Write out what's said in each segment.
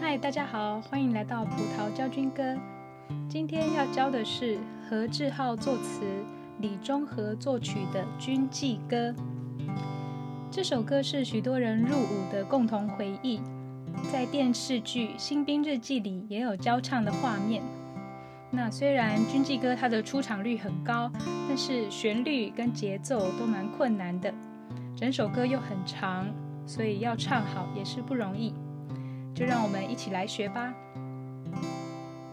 嗨，大家好，歡迎來到葡萄教軍歌。今天要教的是何志浩作詞、李中和作曲的《軍紀歌》。這首歌是許多人入伍的共同回憶，在電視劇《新兵日記》裡也有交唱的畫面。那雖然軍紀歌它的出場率很高，但是旋律跟節奏都蠻困難的，整首歌又很長，所以要唱好也是不容易。就讓我們一起來學吧。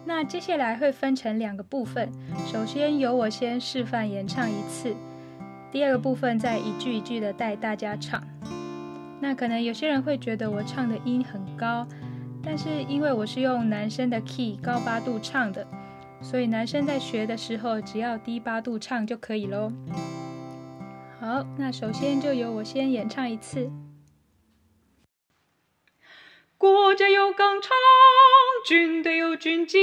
那接下來會分成兩個部分，首先由我先示範演唱一次，第二個部分再一句一句的帶大家唱。那可能有些人會覺得我唱的音很高，但是因為我是用男生的 key 高八度唱的。所以男生在學的時候，只要低八度唱就可以嘍。好，那首先就由我先演唱一次。國家有綱常，軍隊有軍紀，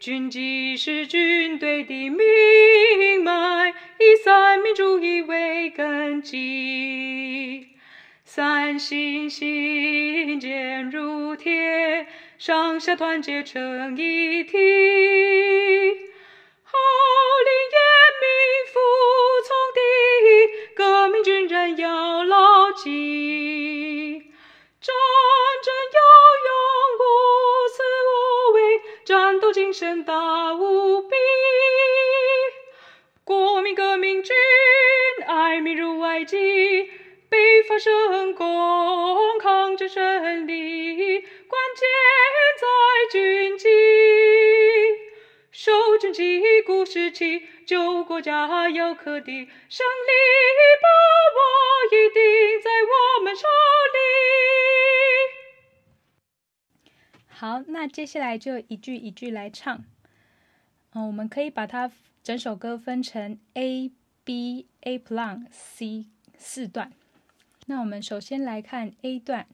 軍紀是軍隊的命脈，以三民主義為根基，三信心，堅如鐵。上下團結成一體，號令嚴明，服從第一，革命軍人要牢記。戰爭有勇，無私無畏，戰鬥精神大無比。國民革命軍，愛民如愛己，北伐成功，抗戰勝利。鼓士氣，救國家要克敵，勝利把握一定在我們手裡。好，那接下來就一句一句來唱。嗯、哦，我們可以把它整首歌分成 A、B、A Plan、C 四段。那我們首先來看 A 段，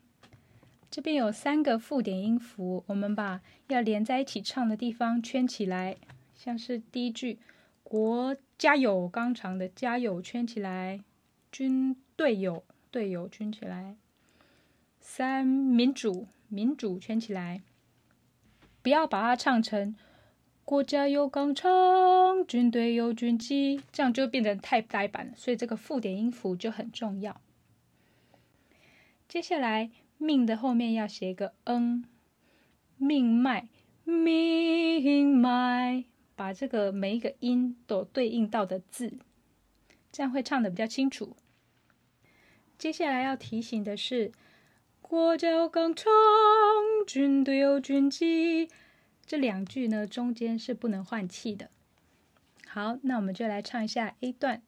這邊有三個附點音符，我們把要連在一起唱的地方圈起來。像是第一句“國家有綱常的家有圈起來，軍隊有隊有圈起來”，三民主民主圈起來，不要把它唱成“國家有綱常，軍隊有軍紀”，這樣就變得太呆板了。所以這個附點音符就很重要。接下來“命”的後面要寫一個“嗯”，命脈命脈。把這個每一個音都對應到的字，這樣會唱的比較清楚。接下來要提醒的是，“國家有綱常軍隊有軍紀”，這兩句呢，中間是不能換氣的。好，那我們就來唱一下 A 段。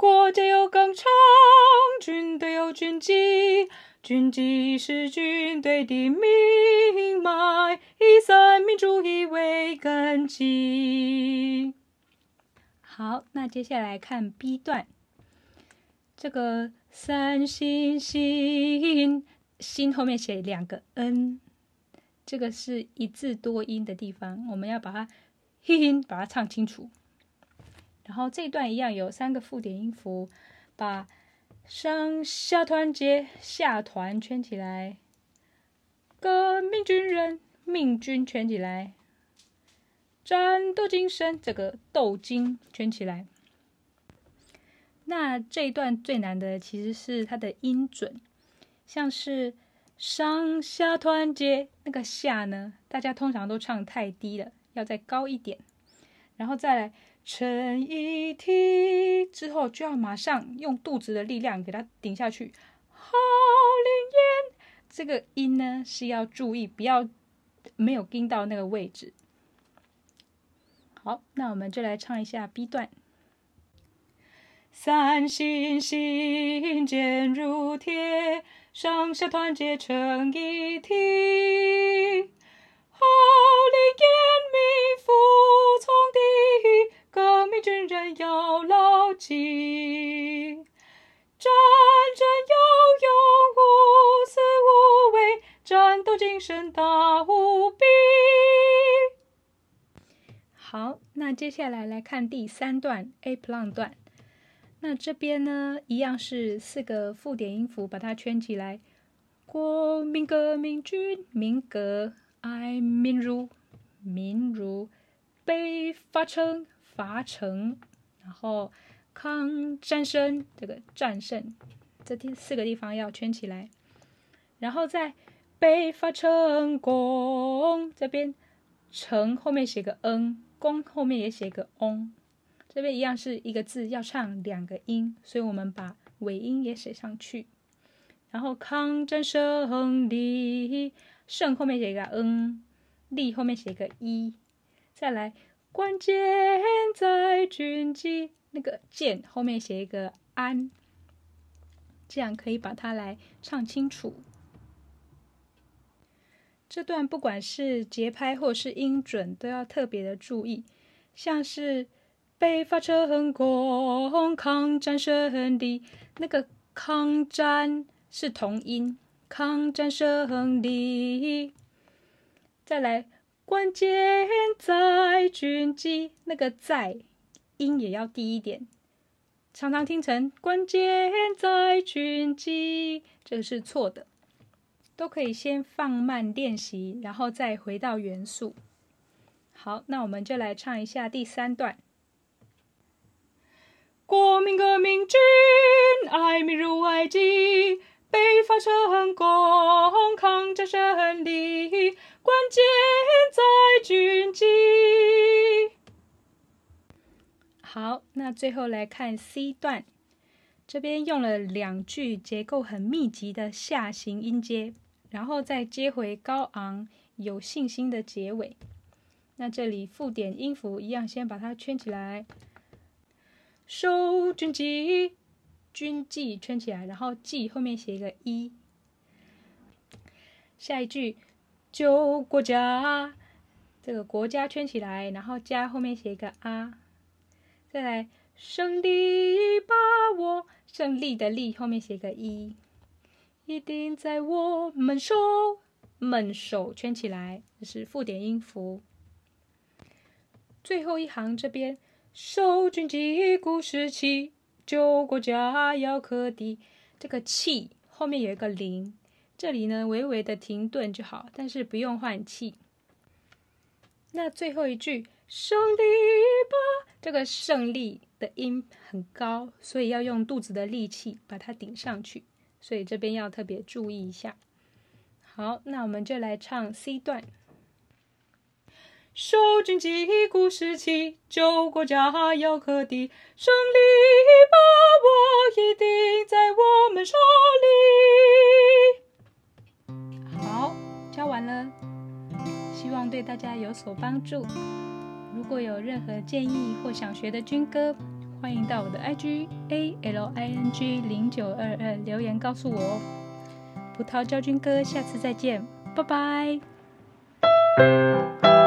國家有綱常，軍隊有軍紀，軍紀是軍隊的命脈，以三民主義為根基。好，那接下來看 B 段，這個三信心，心後面寫兩個 n，這個是一字多音的地方，我們要把它，把它唱清楚。然後這一段一樣有三個附點音符，把上下團結下團圈起來，革命軍人命軍圈起來，戰鬥精神這個鬥精圈起來。那這一段最難的其實是它的音準，像是上下團結那個下呢，大家通常都唱太低了，要再高一點，然後再來。成一體之後，就要馬上用肚子的力量給它頂下去，好靈驗。這個音呢是要注意，不要沒有盯到那個位置。好，那我們就來唱一下 B 段。三信心堅如鐵，上下團結成一體，好靈驗。要牢記，戰爭有勇，無私無畏，戰鬥精神大無比。好，那接下來來看第三段 A plan 段，那這邊呢，一樣是四個附點音符，把它圈起來。國民革命軍，民革愛民如民如，北伐成，伐成。然後，抗戰勝這個戰勝，這第四個地方要圈起來。然後在北伐成功這邊，成後面寫個 n，功後面也寫個 o n，這邊一樣是一個字要唱兩個音，所以我們把尾音也寫上去。然後抗戰勝利，勝後面寫一個 n，利後面寫一個 i，再來。關鍵在軍紀，那個“劍”後面寫一個“安”，這樣可以把它來唱清楚。這段不管是節拍或是音準，都要特別的注意。像是北伐成功，抗戰勝利，那個“抗戰”是同音，抗戰勝利。再來。關鍵在軍紀，那個在音也要低一點。常常聽成“關鍵在軍紀”，這個是錯的。都可以先放慢練習，然後再回到原速。好，那我們就來唱一下第三段。國民革命軍，愛民如愛己。北伐成功，抗戰勝利，關鍵在軍紀。好，那最後來看 C 段，這邊用了兩句結構很密集的下行音階，然後再接回高昂有信心的結尾。那這裡附點音符一樣，先把它圈起來。守軍紀。軍紀圈起來，然後紀後面寫一個一。下一句，救國家，這個國家圈起來，然後家後面寫一個啊。再來，勝利把握，勝利的利後面寫一個一，一定在我們手，我們手圈起來，這是附點音符。最後一行這邊，守軍紀，鼓士氣。救國家要克敵，這個氣後面有一個零，這裡呢，微微的停頓就好，但是不用換氣。那最後一句勝利吧，這個勝利的音很高，所以要用肚子的力氣把它頂上去，所以這邊要特別注意一下。好，那我們就來唱 C 段。守軍紀，鼓士氣，救國家要克敵，勝利把握一定在我們手裡。好，教完了，希望對大家有所幫助。如果有任何建議或想學的軍歌，歡迎到我的 IG A L I N G 0 9 2 2留言告訴我哦。葡萄教軍歌，下次再見，拜拜。